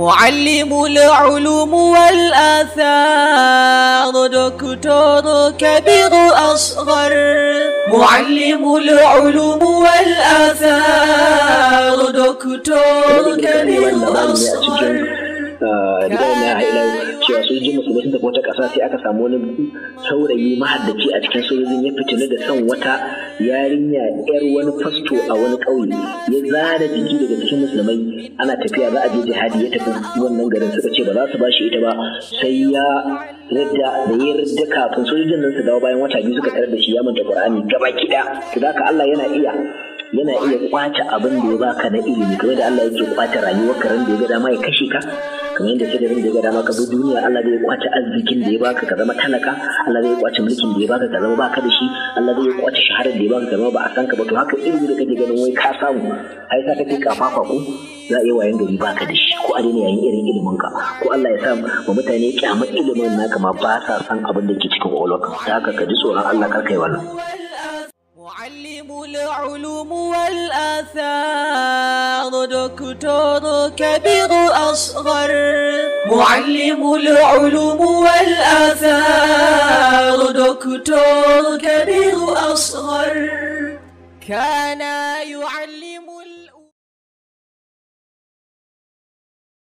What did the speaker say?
معلم العلوم والآثار دكتور كبير أصغر معلم العلوم والآثار دكتور كبير أصغر rigar na haila cewa sojojin musulmi sun tafi wata ƙasa sai aka samu wani saurayi mahaddaci a cikin sojojin ya fitina da son wata yarinya yar wani fasto a wani ƙauye ya zara jiki daga cikin musulmai ana tafiya za a je jihadi ya tafi wannan garin suka ce ba za su ba shi ita ba sai ya yadda da ya kafin sojojin nan su dawo bayan wata biyu suka tarar da shi ya manta Qur'ani gaba kida to haka Allah yana iya yana iya kwace abin da ya baka na ilimi kamar da Allah yake kwace rayuwar ka ran da ya ga dama ya kashe ka kamar yadda shirin da ya dama ka duniya Allah zai kwace arzikin da ya baka ka zama talaka Allah zai kwace mulkin da ya baka ka zama baka da shi Allah zai kwace shaharar da ya baka ka zama ba a san ka ba to haka irin da kake ganin wai ka samu ai ka kake kafafa ku? za a yi wayan gari baka da shi ko a daina yayin irin ilimin ka ko Allah ya sa wa mutane kyamar ilimin naka ma ba sa san abin da ke cikin kwakwalwarka da haka ka ji tsoron Allah kar kai wannan معلم العلوم والآثار دكتور كبير أصغر معلم العلوم والآثار دكتور كبير أصغر كان يعلم